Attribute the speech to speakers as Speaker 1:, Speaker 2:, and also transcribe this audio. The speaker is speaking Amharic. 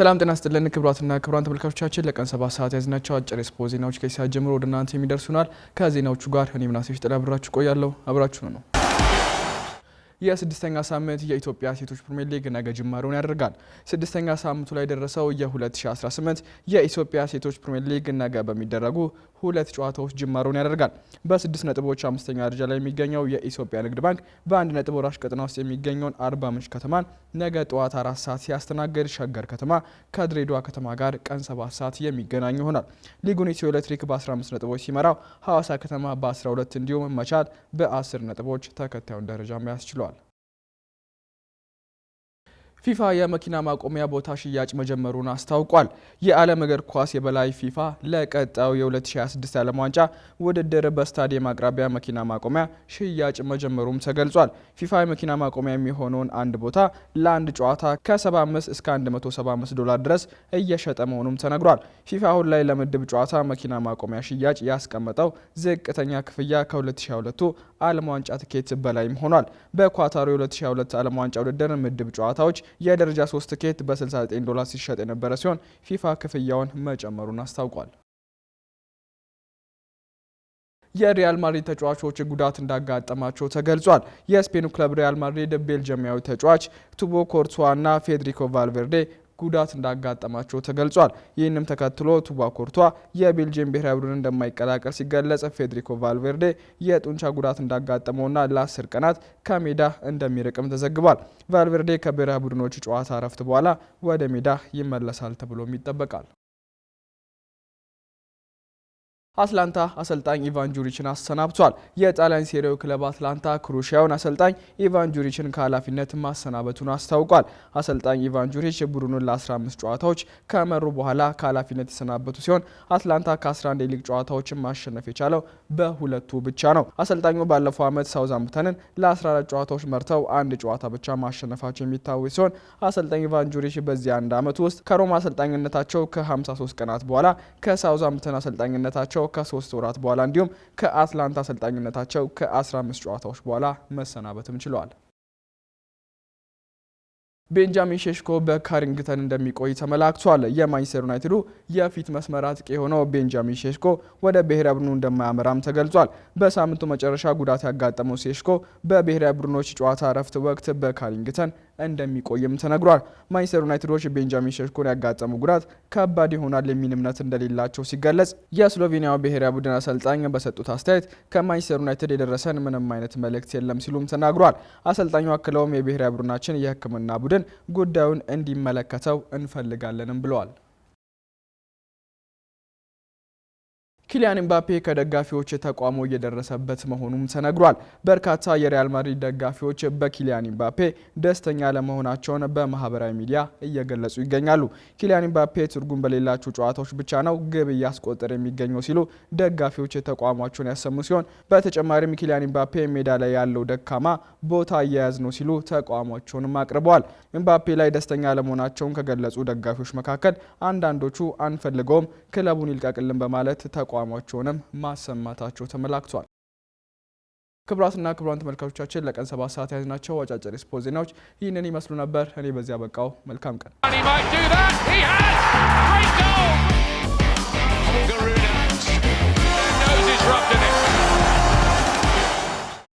Speaker 1: ሰላም ጤና ስጥልን ክቡራትና ክቡራን ተመልካቾቻችን ለቀን ሰባት ሰዓት ያዝናቸው አጭር የስፖርት ዜናዎች ከሳ ጀምሮ ወደ እናንተ የሚደርሱናል። ከዜናዎቹ ጋር እኔ ምናሴ ሽጥላ አብራችሁ ቆያለሁ። አብራችሁ ነው። የስድስተኛ ሳምንት የኢትዮጵያ ሴቶች ፕሪሚየር ሊግ ነገ ጅማሬውን ያደርጋል። ስድስተኛ ሳምንቱ ላይ ደረሰው የ2018 የኢትዮጵያ ሴቶች ፕሪሚየር ሊግ ነገ በሚደረጉ ሁለት ጨዋታዎች ጅማሮን ያደርጋል። በስድስት ነጥቦች አምስተኛ ደረጃ ላይ የሚገኘው የኢትዮጵያ ንግድ ባንክ በአንድ ነጥብ ወራሽ ቀጠና ውስጥ የሚገኘውን አርባ ምንጭ ከተማን ነገ ጠዋት አራት ሰዓት ሲያስተናግድ፣ ሸገር ከተማ ከድሬዳዋ ከተማ ጋር ቀን ሰባት ሰዓት የሚገናኝ ይሆናል። ሊጉን ኢትዮ ኤሌክትሪክ በ15 ነጥቦች ሲመራው፣ ሐዋሳ ከተማ በ12 እንዲሁም መቻል በ10 ነጥቦች ተከታዩን ደረጃ መያዝ ችሏል። ፊፋ የመኪና ማቆሚያ ቦታ ሽያጭ መጀመሩን አስታውቋል። የዓለም እግር ኳስ የበላይ ፊፋ ለቀጣው የ2026 ዓለም ዋንጫ ውድድር በስታዲየም አቅራቢያ መኪና ማቆሚያ ሽያጭ መጀመሩም ተገልጿል። ፊፋ የመኪና ማቆሚያ የሚሆነውን አንድ ቦታ ለአንድ ጨዋታ ከ75 እስከ 175 ዶላር ድረስ እየሸጠ መሆኑም ተነግሯል። ፊፋ አሁን ላይ ለምድብ ጨዋታ መኪና ማቆሚያ ሽያጭ ያስቀመጠው ዝቅተኛ ክፍያ ከ2022 ዓለም ዋንጫ ትኬት በላይም ሆኗል። በኳታሩ 2022 ዓለም ዋንጫ ውድድር ምድብ ጨዋታዎች የደረጃ 3 ትኬት በ69 ዶላር ሲሸጥ የነበረ ሲሆን ፊፋ ክፍያውን መጨመሩን አስታውቋል። የሪያል ማድሪድ ተጫዋቾች ጉዳት እንዳጋጠማቸው ተገልጿል። የስፔኑ ክለብ ሪያል ማድሪድ ቤልጅማዊ ተጫዋች ቱቦ እና ፌዴሪኮ ቫልቬርዴ ጉዳት እንዳጋጠማቸው ተገልጿል። ይህንም ተከትሎ ቱባ ኮርቷ የቤልጅየም ብሔራዊ ቡድን እንደማይቀላቀል ሲገለጽ፣ ፌዴሪኮ ቫልቬርዴ የጡንቻ ጉዳት እንዳጋጠመውና ለአስር ቀናት ከሜዳ እንደሚርቅም ተዘግቧል። ቫልቬርዴ ከብሔራዊ ቡድኖቹ ጨዋታ እረፍት በኋላ ወደ ሜዳ ይመለሳል ተብሎም ይጠበቃል። አትላንታ አሰልጣኝ ኢቫን ጁሪችን አሰናብቷል። የጣሊያን ሴሪው ክለብ አትላንታ ክሩሺያውን አሰልጣኝ ኢቫን ጁሪችን ከኃላፊነት ማሰናበቱን አስታውቋል። አሰልጣኝ ኢቫን ጁሪች ቡድኑን ለ15 ጨዋታዎች ከመሩ በኋላ ከኃላፊነት የሰናበቱ ሲሆን አትላንታ ከ11 የሊግ ጨዋታዎችን ማሸነፍ የቻለው በሁለቱ ብቻ ነው። አሰልጣኙ ባለፈው ዓመት ሳውዝሃምፕተንን ለ14 ጨዋታዎች መርተው አንድ ጨዋታ ብቻ ማሸነፋቸው የሚታወስ ሲሆን አሰልጣኝ ኢቫን ጁሪች በዚህ አንድ ዓመት ውስጥ ከሮማ አሰልጣኝነታቸው ከ53 ቀናት በኋላ ከሳውዝሃምፕተን አሰልጣኝነታቸው ከቆይታቸው ከሶስት ወራት በኋላ እንዲሁም ከአትላንታ አሰልጣኝነታቸው ከ15 ጨዋታዎች በኋላ መሰናበትም ችለዋል። ቤንጃሚን ሼሽኮ በካሪንግተን እንደሚቆይ ተመላክቷል። የማንቸስተር ዩናይትዱ የፊት መስመር አጥቂ የሆነው ቤንጃሚን ሼሽኮ ወደ ብሔራዊ ቡድኑ እንደማያመራም ተገልጿል። በሳምንቱ መጨረሻ ጉዳት ያጋጠመው ሼሽኮ በብሔራዊ ቡድኖች ጨዋታ እረፍት ወቅት በካሪንግተን እንደሚቆይም ተነግሯል። ማንቸስተር ዩናይትዶች ቤንጃሚን ሸሽኮን ያጋጠሙ ጉዳት ከባድ ይሆናል የሚል እምነት እንደሌላቸው ሲገለጽ፣ የስሎቬኒያው ብሔራዊ ቡድን አሰልጣኝ በሰጡት አስተያየት ከማንቸስተር ዩናይትድ የደረሰን ምንም አይነት መልእክት የለም ሲሉም ተናግሯል። አሰልጣኙ አክለውም የብሔራዊ ቡድናችን የሕክምና ቡድን ጉዳዩን እንዲመለከተው እንፈልጋለንም ብለዋል። ኪሊያን ኢምባፔ ከደጋፊዎች ተቃውሞ እየደረሰበት መሆኑም ተነግሯል። በርካታ የሪያል ማድሪድ ደጋፊዎች በኪሊያን ኢምባፔ ደስተኛ ለመሆናቸውን በማህበራዊ ሚዲያ እየገለጹ ይገኛሉ። ኪሊያን ኢምባፔ ትርጉም በሌላቸው ጨዋታዎች ብቻ ነው ግብ እያስቆጠረ የሚገኘው ሲሉ ደጋፊዎች ተቃውሟቸውን ያሰሙ ሲሆን በተጨማሪም ኪሊያን ኢምባፔ ሜዳ ላይ ያለው ደካማ ቦታ አያያዝ ነው ሲሉ ተቃውሟቸውንም አቅርበዋል። ኢምባፔ ላይ ደስተኛ ለመሆናቸውን ከገለጹ ደጋፊዎች መካከል አንዳንዶቹ አንፈልገውም፣ ክለቡን ይልቀቅልን በማለት ተቋ አቋማቸውንም ማሰማታቸው ተመላክቷል። ክቡራትና ክብራን ተመልካቾቻችን ለቀን ሰባት ሰዓት ናቸው አጫጭር ስፖርት ዜናዎች ይህንን ይመስሉ ነበር። እኔ በዚያ በቃው። መልካም ቀን